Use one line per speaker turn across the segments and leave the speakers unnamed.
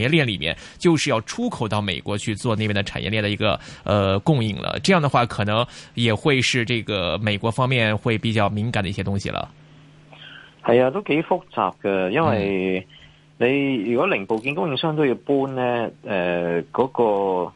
產業鏈裏面就是要出口到美國去做那邊的產業鏈的一個呃供應了，這樣的話可能也會是這個美國方面會比較敏感的一些東西了。
係啊，都幾複雜嘅，因為你如果零部件供應商都要搬呢，誒、呃，嗰個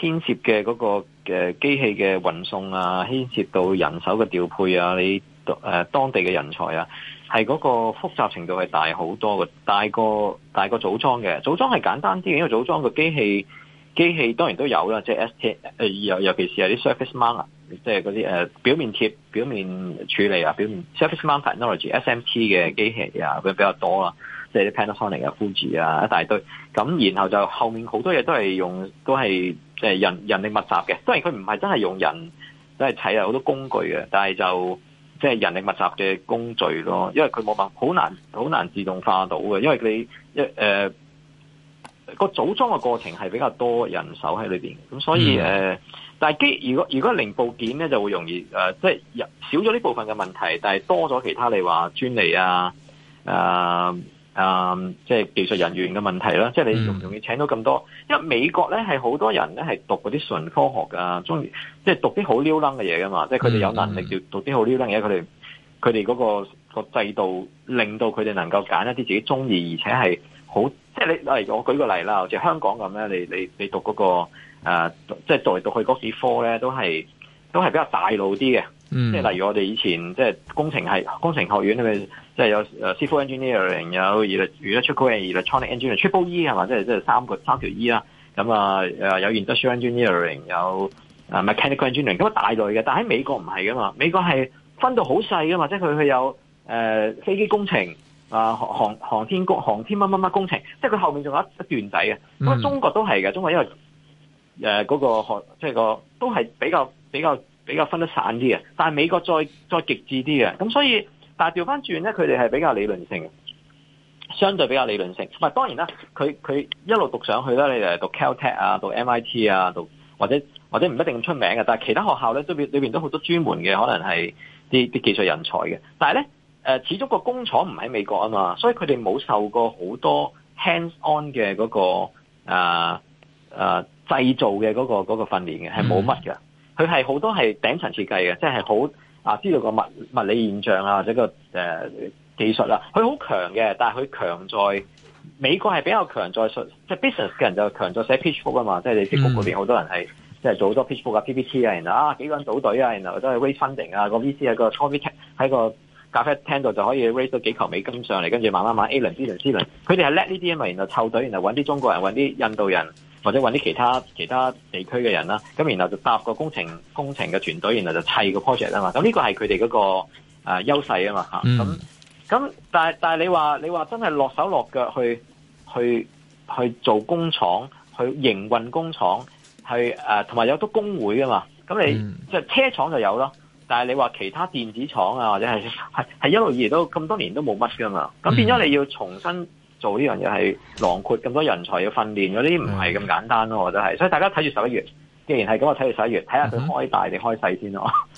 牽涉嘅嗰個誒機器嘅運送啊，牽涉到人手嘅調配啊，你誒、呃、當地嘅人才啊。係嗰個複雜程度係大好多嘅，大個大個組裝嘅組裝係簡單啲，因為組裝嘅機器機器當然都有啦，即係 S T 尤、呃、尤其是有啲 surface mount，即係嗰啲表面貼表面處理啊，表面 surface mount technology S M T 嘅機器啊，比比較多啦，即係啲 Panasonic 啊、Fuji 啊一大堆，咁然後就後面好多嘢都係用都係即係人人力密集嘅，當然佢唔係真係用人，都係睇下好多工具嘅，但係就。即係人力密集嘅工序咯，因為佢冇辦法，好難好難自動化到嘅，因為你一誒個組裝嘅過程係比較多人手喺裏邊，咁所以誒，呃 mm. 但係機，如果如果零部件咧就會容易誒，即、呃、係、就是、少咗呢部分嘅問題，但係多咗其他你話專利啊誒。呃啊、嗯，即係技術人員嘅問題啦，即係你容唔容易請到咁多？嗯、因為美國咧係好多人咧係讀嗰啲純科學啊，中意即係讀啲好溜楞嘅嘢㗎嘛，即係佢哋有能力要讀啲好溜楞嘅嘢，佢哋佢哋嗰個制度令到佢哋能夠揀一啲自己中意而且係好，即係你例如我舉個例啦，好似香港咁咧，你你你讀嗰、嗰個、呃、即係讀嚟讀去嗰幾科咧，都係都係比較大路啲嘅，嗯、即係例如我哋以前即係工程係工程學院咁樣。即係有 civil engineering，有例如，例如 electrical electronic engineering，Triple E 係嘛？即係即係三個三條 E 啦。咁啊有 industrial engineering，有 mechanical engineering。咁啊大類嘅，但喺美國唔係噶嘛？美國係分到好細噶嘛？即係佢佢有、呃、飛機工程啊，航航天工航天乜乜乜工程。即係佢後面仲有一一段仔嘅。咁啊，中國、啊那個、係都係嘅。中國因為誒嗰個學即係個都係比較比較比較分得散啲嘅。但係美國再再極致啲嘅。咁所以。但係調返轉咧，佢哋係比較理論性，相對比較理論性。同埋當然啦，佢佢一路讀上去咧，你誒讀 Caltech 啊，讀 MIT 啊讀，或者或者唔一定咁出名嘅，但係其他學校咧都邊裏邊都好多專門嘅，可能係啲啲技術人才嘅。但係咧誒，始終個工廠唔喺美國啊嘛，所以佢哋冇受過好多 hands-on 嘅嗰個誒製、呃呃、製造嘅嗰個嗰個訓練嘅，係冇乜嘅。佢係好多係頂層設計嘅，即係好。啊！知道個物物理現象啊，或者、那個誒、呃、技術啦、啊，佢好強嘅。但係佢強在美國係比較強在，即係 business 嘅人就強在寫 pitch book 啊嘛。即係你節目嗰邊好多人係即係做好多 pitch book 啊、PPT 啊。然後啊，幾個人組隊啊，然後都係 raise funding 啊。那個 VC 喺、啊那個咖啡廳度就可以 raise 到幾球美金上嚟，跟住慢慢買 A 輪、B 輪、C 輪，佢哋係叻呢啲啊嘛，然後湊隊，然後搵啲中國人、搵啲印度人。或者揾啲其他其他地區嘅人啦，咁然後就搭個工程工程嘅團隊，然後就砌個 project 啊、那個呃、嘛，咁呢個係佢哋嗰個誒優勢啊嘛吓，咁、
hmm.
咁但係但係你話你話真係落手落腳去去去做工廠去營運工廠去誒同埋有多工會啊嘛，咁你即係、mm hmm. 車廠就有咯，但係你話其他電子廠啊或者係係係一路以來都咁多年都冇乜噶嘛，咁變咗你要重新。Mm hmm. 做呢樣嘢係囊括咁多人才嘅訓練，嗰啲唔係咁簡單咯，我覺得係，所以大家睇住十一月，既然係咁，我睇住十一月，睇下佢開大定開細先咯。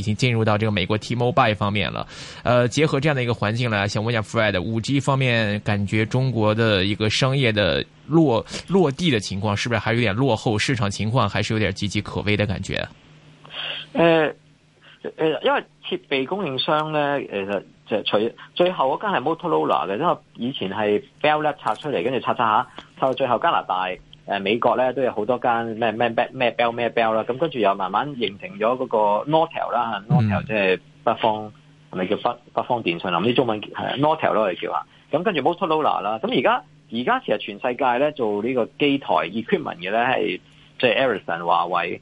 已經進入到這個美國 T Mobile 方面了，呃，結合這樣的一個環境呢，想問一下 Fred，5G 方面感覺中國的一個商業的落落地的情況，是不是還有點落後？市場情況還是有點岌岌可危的感覺？呃，
呃，因為設備供應商呢，呃，其實就除最後嗰間係 Motorola 嘅，因為以前係 Bell 拆出嚟，跟住拆拆下，拆到最後加拿大。誒美國咧都有好多間咩咩咩咩 Bell 咩 Bell 啦，咁跟住又慢慢形成咗嗰個 Nortel 啦，Nortel 即係北方係咪叫北北方電信啊？啲中文係 Nortel 咯，我哋叫下。咁跟住 Motorola 啦，咁而家而家其實全世界咧做呢個機台 equipment 嘅咧，係即係 Ericsson 華為，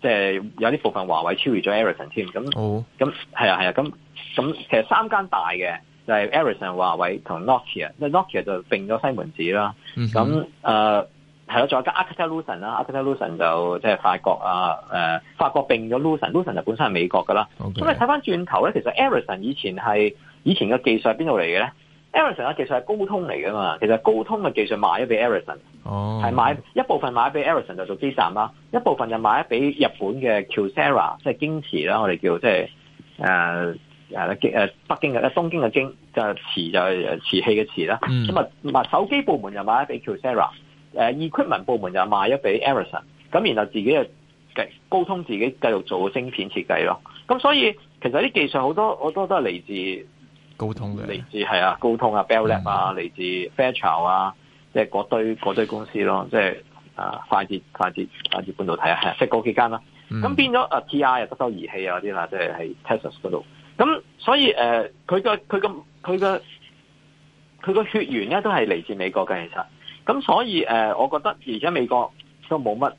即係有啲部分華為超越咗 Ericsson 添。咁咁係啊係啊，咁咁其實三間大嘅就係 Ericsson 華為同 Nokia，Nokia 就並咗西門子啦。咁誒、嗯哼。係咯，仲有架 Alcatel-Lucent 啦，Alcatel-Lucent 就即係、就是、法國啊、呃，法國併咗 Lucent，Lucent 就本身係美國㗎啦。咁 Okay. 你睇返轉頭呢，其實 Ericsson 以前係以前嘅技術喺邊度嚟嘅呢？Ericsson 嘅技術係高通嚟噶嘛？其實高通嘅技術買咗畀 Erics、oh. son 係買一部分買畀 Ericsson 就做基站啦，一部分就買咗畀日本嘅 Kyocera 即係京瓷啦，我哋叫即係誒誒京誒北京嘅東京嘅京，即係瓷就瓷器嘅瓷啦。咁啊、mm.，手機部門又買咗俾 Kyocera 誒、uh, equipment 部門就賣咗俾 Ericsson，咁然後自己就高通自己繼續做芯片設計咯。咁所以其實啲技術好多好多都係嚟自高通嘅，嚟自係啊高通啊 Bell Lab 啊，嚟、嗯、自 Fairchild 啊，即係嗰堆嗰堆公司咯，即係啊快捷快捷快捷半導體啊，即係嗰幾間啦。咁、嗯、變咗啊 TI 又德州儀器啊嗰啲啦，即、就、係、是、喺 Texas 嗰度。咁所以誒，佢個佢個佢個佢個血緣咧都係嚟自美國嘅，其實。咁所以誒、呃，我覺得而家美國都冇乜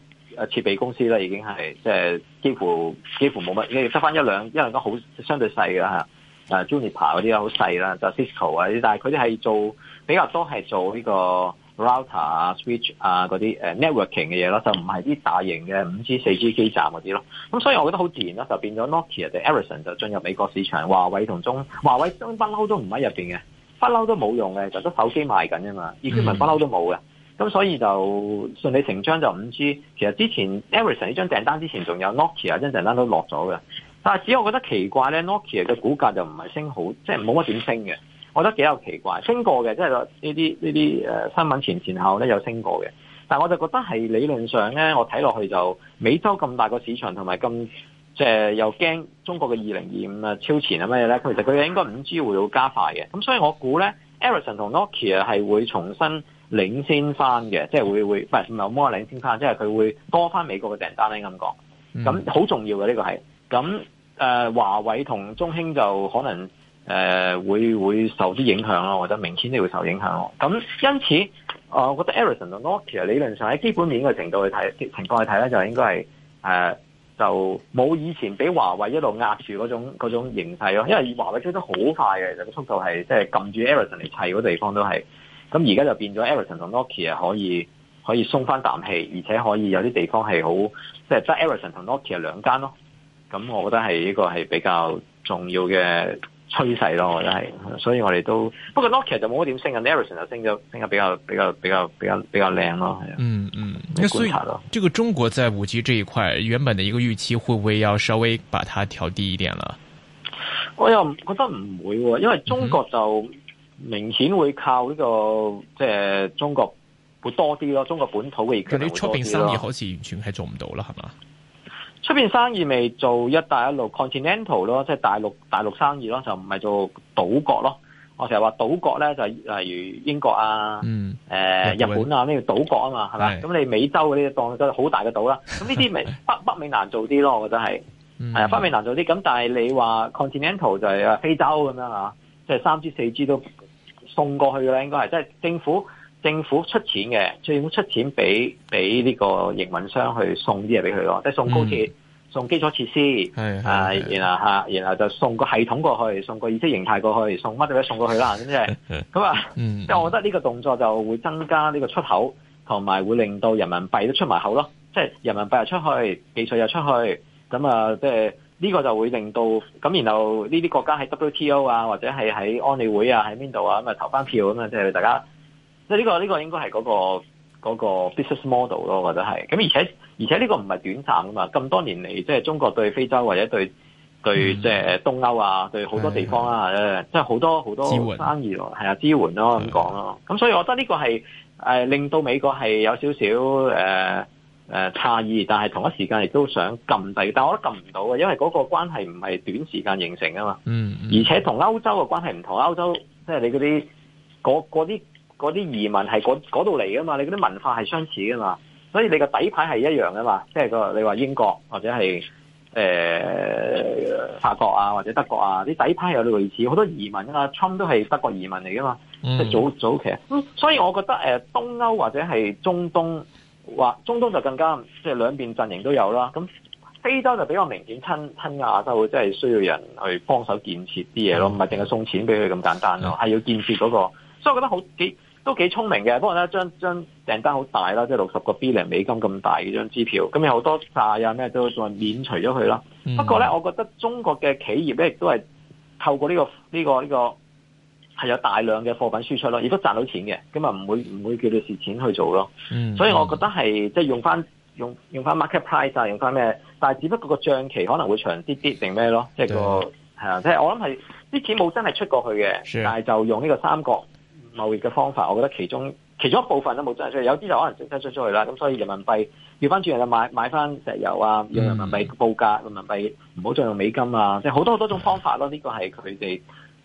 設備公司啦，已經係即係幾乎幾乎冇乜，因得翻一兩一兩個好相對細㗎嚇、啊、Juniper 嗰啲好細啦，就 Cisco、是、啊啲，但係佢啲係做比較多係做呢個 router 啊、switch 啊嗰啲 networking 嘅嘢咯，就唔係啲大型嘅五 G, G、四 G 基站嗰啲咯。咁所以我覺得好自然啦，就變咗 Nokia、ok、定 Ericsson 就進入美國市場，華為同中華為中不嬲都唔喺入面嘅。不嬲都冇用嘅，就都手機賣緊啫嘛。二 G 唔係不嬲都冇嘅，咁所以就順理成章就 5G。其實之前 Ericsson 呢張訂單之前仲有 Nokia、ok、張訂單都落咗嘅，但係只我覺得奇怪咧，Nokia、ok、嘅股價就唔係升好，即係冇乜點升嘅。我覺得幾有奇怪，升過嘅即係呢啲呢啲新聞前前後咧有升過嘅，但係我就覺得係理論上咧，我睇落去就美洲咁大個市場同埋咁。即係又驚中國嘅二零二五啊超前啊咩咧？其實佢哋應該五 G 會會加快嘅。咁所以我估咧，Ericsson 同 Nokia、ok、係會重新領先翻嘅，即係會會唔係唔係冇乜領先翻，即係佢會多翻美國嘅訂單咧咁講。咁好重要嘅呢個係。咁誒、呃、華為同中興就可能誒、呃、會會受啲影響咯，或者明顯都會受影響咯。咁因此、呃，我覺得 Ericsson 同 Nokia、ok、理論上喺基本面嘅程度去睇，情況去睇咧，就應該係誒。呃就冇以前俾華為一路壓住嗰種形勢咯，因為華為追得好快嘅，其實個速度係即係撳住 Ericsson 嚟砌嗰地方都係，咁而家就變咗 Ericsson 同 Nokia 係可以可以鬆翻啖氣，而且可以有啲地方係好即係得 Ericsson 同 Nokia 兩間咯，咁我覺得係呢個係比較重要嘅。趨勢咯，我覺得係，所以我哋都不過 Nokia 其實冇乜點升，啊 Nelson 就升咗，升比較比較比較比較比較靚咯，嗯嗯，
嗯你觀察咯。這個中國在五 G 這一塊原本嘅一個預期，會唔會要稍微把它調低一點啦？
我又覺得唔會，因為中國就明顯會靠呢、這個即係、嗯、中國會多啲咯，中國本
土嘅佢你出邊生意好似完全係做唔到啦，係嘛？
邊生意咪做一帶一路 continental 咯，continental，即係大陸大陸生意咯，就唔係做島國咯。我成日話島國咧，就係例如英國啊、誒、嗯呃、日本啊呢啲島國啊嘛，係咪？咁你美洲嗰啲當都好大嘅島啦。咁呢啲北 北，北美難做啲咯，我覺得係係啊，嗯、北美難做啲。咁但係你話 continental 就係啊非洲咁樣啊，即係三 G 四 G 都送過去嘅啦，應該係即係政府政府出錢嘅，政府出錢俾俾呢個營運商去送啲嘢俾佢咯，即係送高鐵。嗯送基礎設施，係係啊，然後嚇、啊，然後就送個系統過去，送個意識形態過去，送乜嘢都送過去啦，咁即係咁啊。即、嗯、係、嗯嗯、我覺得呢個動作就會增加呢個出口，同埋會令到人民幣都出埋口咯。即係人民幣又出去，技術又出去，咁、嗯、啊，即係呢、這個就會令到咁。然後呢啲國家喺 WTO 啊，或者係喺安理會啊，喺邊度啊，咁啊投翻票咁啊，即係大家。即係呢、這個呢、這個應該係嗰個 business model 咯，我覺得係咁，而且。而且呢個唔係短暫噶嘛，咁多年嚟，即係中國對非洲或者對對、嗯、即東歐啊，對好多地方啊，即係好多好的多生意囉，係啊援，支援咯咁講咯。咁的所以我覺得呢個係、呃、令到美國係有少少誒誒詫異，但係同一時間亦都想撳低。但我覺得撳唔到嘅，因為嗰個關係唔係短時間形成噶嘛。嗯、嗯，而且同歐洲嘅關係唔同，歐洲即係你嗰啲嗰啲嗰啲移民係嗰度嚟噶嘛，你嗰啲文化係相似噶嘛。所以你個底牌係一樣噶嘛，即係個你話英國或者係誒、呃、法國啊，或者德國啊啲底牌係有類似，好多移民啊，Trump 都係德國移民嚟噶嘛，即係、嗯、早早期、啊。咁、嗯、所以我覺得誒、呃、東歐或者係中東或中東就更加即係、就是、兩邊陣營都有啦。咁非洲就比較明顯親親亞洲，即係需要人去幫手建設啲嘢咯，唔係淨係送錢俾佢咁簡單咯，係、嗯、要建設嗰、那個。所以我覺得好幾。都幾聰明嘅，不過咧，張張訂單好大啦，即係六十個 B 零美金咁大嘅張支票，咁有好多債啊咩都仲係免除咗佢啦。不過咧，嗯、我覺得中國嘅企業咧亦都係透過呢、呢個呢、呢個呢、呢個係有大量嘅貨品輸出咯，亦都賺到錢嘅，咁啊唔會唔會叫你蝕錢去做咯。所以我覺得係、嗯、即係用翻用用翻 market price 啊，用翻咩？但係只不過個帳期可能會長啲啲定咩咯？即係、嗰個、嗯、啊！即係我諗係啲錢冇真係出過去嘅，Sure. 但係就用呢個三角。貿易嘅方法，我覺得其中其中一部分都冇真出去，有啲就可能真真出出去啦。咁所以人民幣調翻轉嚟就買買翻石油啊，用人民幣報價，人民幣唔好再用美金啊，即係好多好多種方法咯啊。呢個係佢哋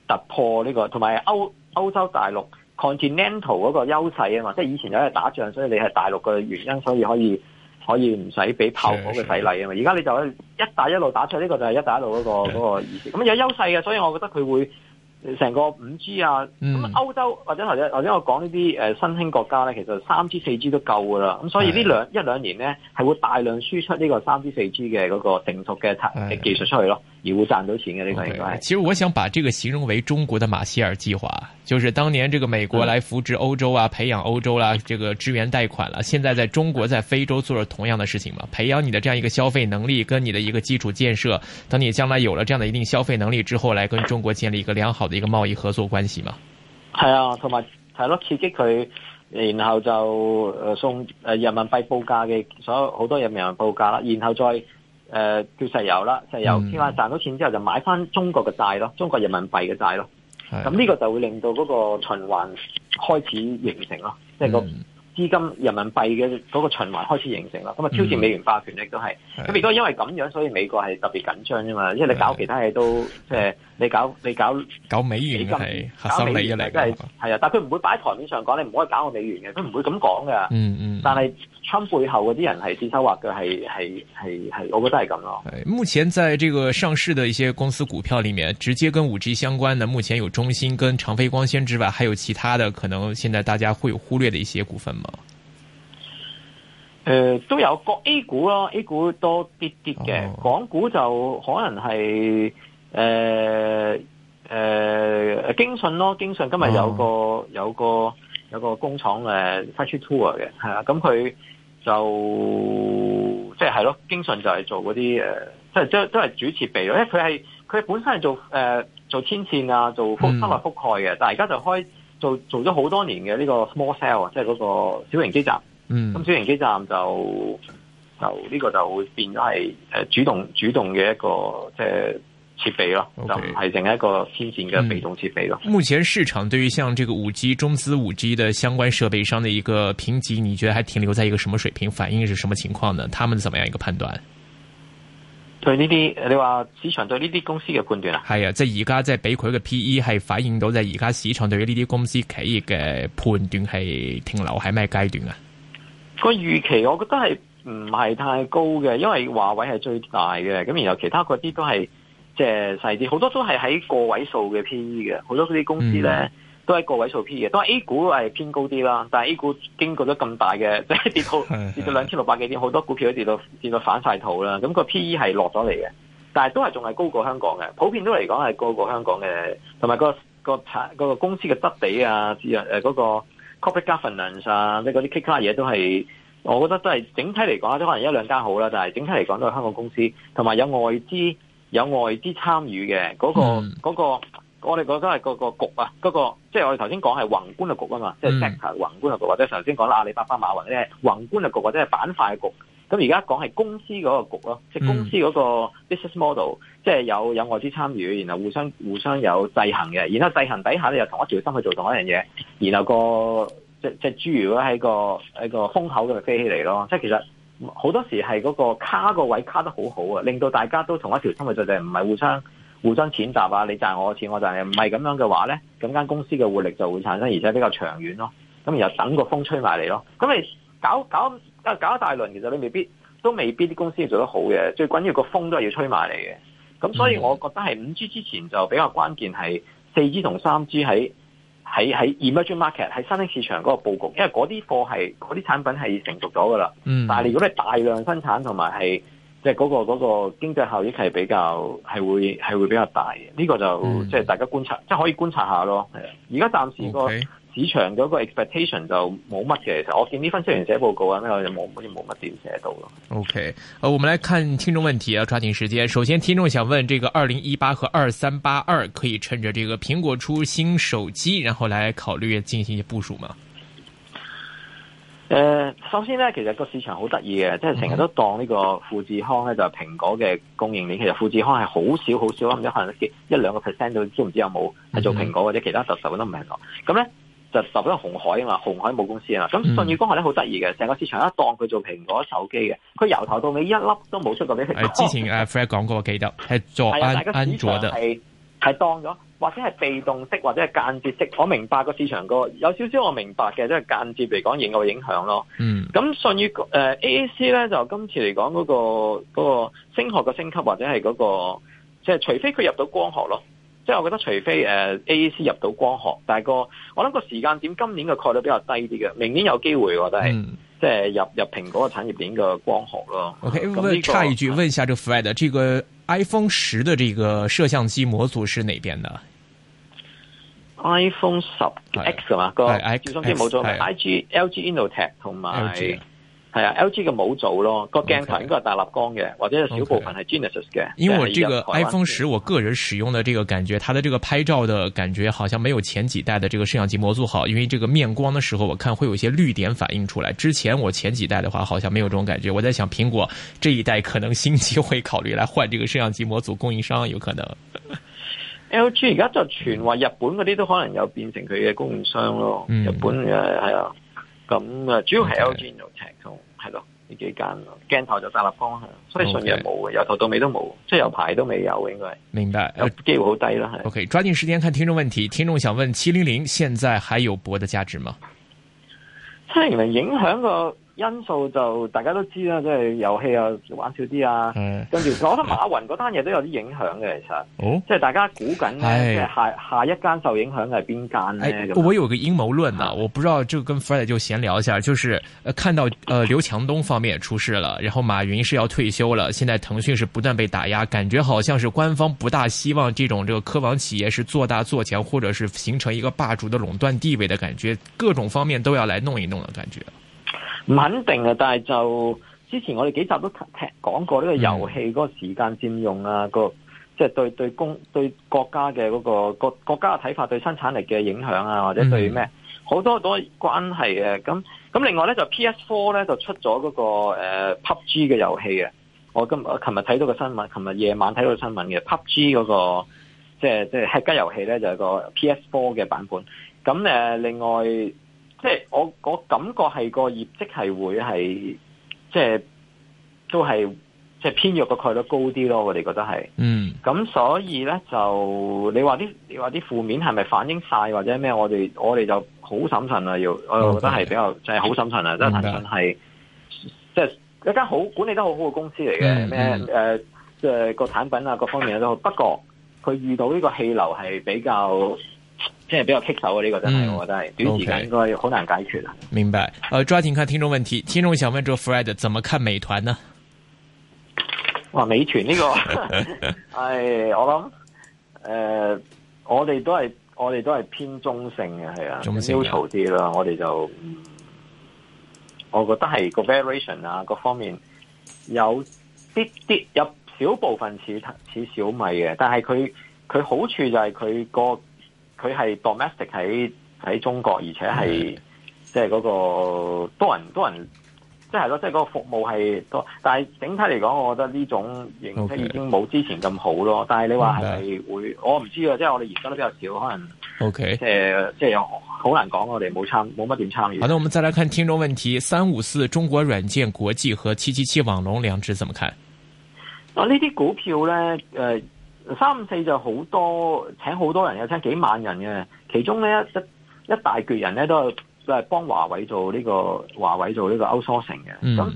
突破呢個，同埋歐，歐洲大陸 continental 嗰個優勢啊嘛。即係以前因為打仗，所以你係大陸嘅原因，所以可以可以唔使俾炮火嘅洗禮啊嘛。而家你就一帶一路打出呢個就係一帶一路嗰個嗰個意思。咁有優勢嘅，所以我覺得佢會。成個五 G 啊，咁歐洲或者或者頭先我講呢啲誒新興國家咧，其實三 G 四 G 都夠㗎喇，咁所以呢兩一兩年咧係會大量輸出呢個三 G 四 G 嘅嗰個成熟嘅誒技術出去咯。會賺到錢嘅呢 Okay,
其實我想把這個形容為中國的馬歇爾計劃，就是當年這個美國來扶植歐洲啊，嗯、培養歐洲啦、啊，這個支援貸款啦、啊，現在在中國在非洲做咗同樣的事情嘛，培養你的這樣一個消費能力，跟你的一個基礎建設，等你將來有了這樣的一定消費能力之後，來跟中國建立一個良好的一個貿易合作關係嘛。
係啊，同埋係咯，刺激佢，然後就誒、呃、送誒、呃、人民幣報價嘅所有好多人民幣報價啦，然後再。誒，叫石油啦，石油之外賺到錢之後就買翻中國嘅債咯，中國人民幣嘅債咯。咁呢個就會令到嗰個循環開始形成咯，即係個資金人民幣嘅嗰個循環開始形成囉。咁啊，挑戰美元霸權力都係咁，亦都因為咁樣，所以美國係特別緊張啫嘛。因為你搞其他嘢都即係你搞你搞
搞美元係吸收你嘅嚟，
即係係啊。但係佢唔會擺喺台面上講，你唔可以搞個美元嘅，佢唔會咁講噶。嗯嗯，但係。窗背後嗰啲人係點收穫嘅？係係係係，我覺得係
咁咯。目前在這個上市的一些公司股票裏面，直接跟 5G 相關的，目前有中興、跟長飛光纖之外，還有其他的，可能現在大家會忽略的一些股份嗎？誒、呃，
都有個 A 股咯，A 股多啲啲嘅，港股就可能係誒誒京信咯，京信今日有個、哦、有個有個工廠誒 factory tour 嘅，係啊，咁佢。就即係係咯，京信就係做嗰啲呃，即係都都係主設備咯，因為佢係佢本身係做、呃、做天線啊，做覆生維覆蓋嘅，但係而家就開做做咗好多年嘅呢個 small cell，即係嗰個小型基站。嗯，咁小型基站就就呢、呢個就會變咗係呃主動主動嘅一個即係。設備咯，就唔係淨係一個先進嘅被動設備咯、Okay
嗯。目前市場對於像這個五 G 中資五 G 嘅相關設備商嘅一個評級，你覺得還停留在一個什麼水平？反映是什麼情況呢？他們怎麼樣一個判斷？
對呢啲你話市場對呢啲公司嘅判斷啊，
係啊，即係而家即係俾佢嘅 P E 係反映到，就而家市場對於呢啲公司企業嘅判斷係停留喺咩階段啊？
個預期我覺得係唔係太高嘅，因為華為係最大嘅，咁然後其他嗰啲都係。即係細啲，好多都係喺個位數嘅 PE 嘅，好多嗰啲公司咧都係個位數 PE 嘅。當然 A 股係偏高啲啦，但係 A 股經過咗咁大嘅即係跌到跌到兩千六百幾點，好多股票都跌到跌到反晒肚啦。咁、個 PE 係落咗嚟嘅，但係都係仲係高過香港嘅，普遍都嚟講係高過香港嘅。同埋、嗰個、嗰個嗰、嗰個、公司嘅質地啊，嗰、呃嗰個 Corporate Governance 啊，即係嗰啲其他嘢都係，我覺得都係整體嚟講都可能一兩間好啦，但係整體嚟講都係香港公司，同埋有，有外資。有外資參與嘅嗰、那個、嗯那個、我哋覺得係嗰個局啊，嗰、那個即係、就是、我哋頭先講係宏觀嘅局啊嘛，即係整係宏觀嘅局、嗯、局，或者頭先講啦阿里巴巴、馬雲咧係宏觀嘅局，或者係板塊嘅局。咁而家講係公司嗰個局咯，即係公司嗰個 business model，即係有有外資參與，然後互相互相有制衡嘅，然後制衡底下咧又同一條心去做同一樣嘢，然後個即即係諸如喺個喺個風口度飛起嚟咯，即係其實。好多時係嗰個卡個位卡得好好啊，令到大家都同一條心去就係唔係互相互相踐踏啊，你賺我嘅錢，我賺你。唔係咁樣嘅話咧，咁間公司嘅活力就會產生，而且比較長遠咯。咁然後等個風吹埋嚟咯。咁你搞搞搞大輪，其實你未必都未必啲公司做得好嘅。最緊要個風都係要吹埋嚟嘅。咁所以我覺得係五 G 之前就比較關鍵，係四 G 同三 G 喺。喺喺 Emerging Market，喺新興市場嗰個佈局，因為嗰啲貨係嗰啲產品係成熟咗噶啦。嗯，但係如果你大量生產同埋係即係嗰個嗰、嗰個經濟效益係比較係會係會比較大嘅，呢、呢個就即係、嗯、大家觀察，即、就、係、係、可以觀察一下咯。而家暫時個。Okay. 市場嗰個 expectation 就冇乜嘅，其實我見呢份分析員寫報告咧，又冇好似冇乜點寫到咯。
OK、呃、我們來看聽眾問題，要抓緊時間。首先，聽眾想問：這個二零一八和二三八二，可以趁着這個蘋果出新手機，然後來考慮進行部署嗎？
誒、呃，首先呢，其實這個市場好得意嘅，即係成日都當呢個富士康咧就係蘋果嘅供應鏈。嗯、其實富士康係好少好少咁可能一兩個 percent 都唔知唔知有冇係、嗯、做蘋果或者其他特首都唔明咯。咁呢。就十咗紅海啊嘛，紅海冇公司啊嘛，咁信譽光學咧好得意嘅，成個市場一當佢做蘋果手機嘅，佢由頭到尾一粒都冇出過俾，之前
阿、啊、 Fred 講過，記得係做安安
係當咗或者係被動式或者係間接式，我明白個市場個有少少我明白嘅，即係間接嚟講影響影響咯。嗯，咁信譽誒、呃、AAC 咧就今次嚟講嗰個嗰個升、嗯那個那個、學嘅升級或者係嗰、那個，即、就、係、是、除非佢入到光學咯。即係我覺得，除非誒 AAC 入到光學，但係個我諗個時間點，今年嘅概率比較低啲嘅，明年有機會，我覺得係即係入入蘋果嘅產業鏈嘅光學咯。OK，咁你插一句，
問一下這個 Fred，這個 iPhone 十的這個攝像機模組是哪邊的
？iPhone 十 X 啊嘛，哎、個攝像機冇咗，咪 I G L G Innotek 同埋。係啊，LG 嘅模組咯，個鏡頭應該係大立光嘅，Okay. 或者有少部分是 Genesis 的 Okay. 是係 Genesis 嘅。因為我這個 iPhone
十，我個人使用的這個感覺，它的這個拍照的感覺好像沒有前幾代的這個攝像機模組好，因為這個面光的時候，我看會有一些綠點反映出來。之前我前幾代的話，好像沒有這種感覺。我在想，蘋果這一代可能新期會考慮來換這個攝像機模組供應商，有可能。LG
而家就傳話，日本嗰啲都可能有變成佢嘅供應商咯。嗯、日本誒，係啊。咁啊，主要係 LG 就赤紅，係咯呢幾間咯，鏡頭就大立方向，所以純日冇嘅，Okay. 由頭到尾都冇，即係有牌都未有，應該係
明白，
機會好低啦，
係。OK，抓緊時間看聽眾問題，聽眾想問七零零現在還有博嘅價值嗎？
七零零影響個。因素就大家都知啦，即、就、係、是、遊戲啊玩少啲啊，哎、跟住我覺得馬雲嗰單嘢都有啲影響嘅，其實、哦，即係大家估緊係下下一間受影響嘅係邊間呢、哎、我
有個陰謀論啊，哎、我不知道就、這個、跟 Freddie 就閒聊一下，就是、呃，看到，呃，劉強東方面也出事了，然後馬雲是要退休了，現在騰訊是不斷被打壓，感覺好像是官方不大希望這種這個科網企業是做大做強，或者是形成一個霸主的壟斷地位的感覺，各種方面都要來弄一弄的感覺。
唔肯定啊，但係就之前我哋幾集都踢講過呢個遊戲個時間佔用啊，嗯、個即係、就是、對對公對國家嘅嗰、嗰個國國家嘅睇法對生產力嘅影響啊，或者對咩好多好多關係嘅。咁咁另外咧就 PS4 咧就出咗嗰、嗰個誒、呃、PUBG 嘅遊戲嘅。我今我琴日睇到個新聞，琴日夜晚睇到個新聞嘅 PUBG 嗰個即係即係吃雞遊戲咧就係個 PS4 嘅版本。咁誒、呃、另外。即係我我感覺係個業績係會係即係都係即係偏弱嘅概率高啲咯，我哋覺得係。
嗯。
咁所以咧就你話啲你話啲負面係咪反映晒或者咩？我哋我哋就好審慎啦，要我又覺得係比較即係、就是就是、好審慎啦，即係，騰訊係即係一間好管理得好好嘅公司嚟嘅，咩誒誒個產品啊各方面都好。不過佢遇到呢個氣流係比較。即係比較棘手啊！呢個真係，我覺得係短時間應該好難解
決啊。明白。誒、啊，抓緊看聽眾問題，聽眾想問住 Fred，怎麼看美團呢？
話美團呢、這個，誒、 哎，我諗，誒、呃，我哋都係，我哋都係偏中性嘅，係啊，中性啲啦。我哋就，我覺得係個 variation 啊，各方面有啲啲有少部分似似小米嘅，但係佢佢好處就係佢個。佢係 domestic 喺喺中國，而且係即係個多人多人，即係咯，即係嗰個服務係多，但係整體嚟講，我覺得呢種形式已經冇之前咁好咯。Okay. 但係你話係咪會，Okay. 我唔知啊，即係我哋而家都比較少，可能、就是、OK，即係即係好難講，我哋冇參冇乜點參與。沒參與好
的，我哋再嚟看聽眾問題：三五四中國軟件國際和七七七網龍兩隻怎麼看？
啊，呢啲股票咧，誒、呃。三四就好多，請好多人，有請幾萬人嘅，其中呢，一一大橛人咧都係都係幫華為做呢、這個華為做呢個歐舒城嘅。
咁、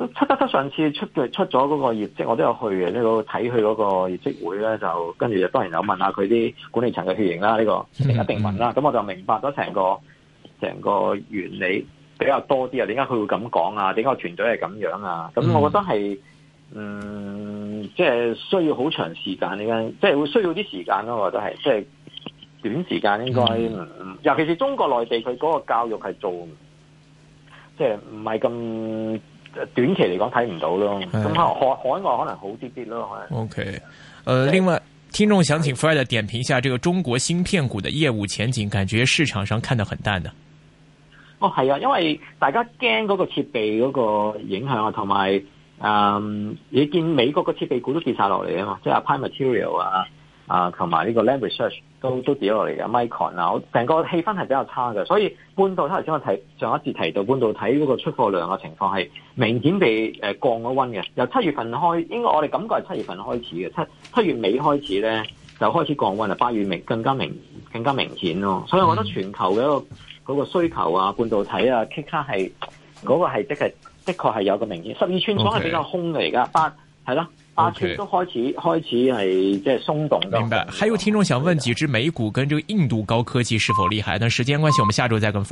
嗯，七七七上次出嘅出咗嗰個業績，我都有去嘅，呢、這個睇佢嗰個業績會咧，就跟住就當然有問下佢啲管理層嘅血型啦，呢、這個定一定問啦。咁、嗯、我就明白咗成個成個原理比較多啲啊，點解佢會咁講啊？點解個團隊係咁樣啊？咁我覺得係，嗯。嗯即係需要好長時間嘅，即係會需要啲時間咯。我都係即係短時間應該，嗯，尤其是中國內地佢嗰個教育系做，即係唔係咁短期嚟講睇唔到咯。咁海是海外可能好啲啲咯。
OK，呃，是另外聽眾想請 Fred 點評一下這個中國芯片股的業務前景，感覺市場上看得很淡的。
哦，係啊，因為大家驚嗰個設備嗰個影響啊，同埋，嗯，um, 你見美國個設備股都跌曬落嚟啊嘛，即係啊 Applied Material 啊，啊同埋呢個 Lam Research 都都跌咗落嚟嘅，micron 啊，我成個氣氛係比較差嘅，所以半導體頭先我提上一次提到半導體嗰個出貨量嘅情況係明顯地、呃、降咗温嘅，由七月份開，應該我哋感覺係七月份開始嘅，七七月尾開始咧就開始降温啦，八月明更加明更加明顯咯，所以我覺得全球嘅一個嗰、那個需求啊，半導體啊，k i 其實係嗰、那個係即係。就是的確係有個明顯，十二寸房係比較空嘅而家，八係啦，八寸都開始 Okay. 開始係即係鬆動。明白，
還有聽眾想問幾支美股跟呢個印度高科技是否厲害？但時間關係，我們下周再跟。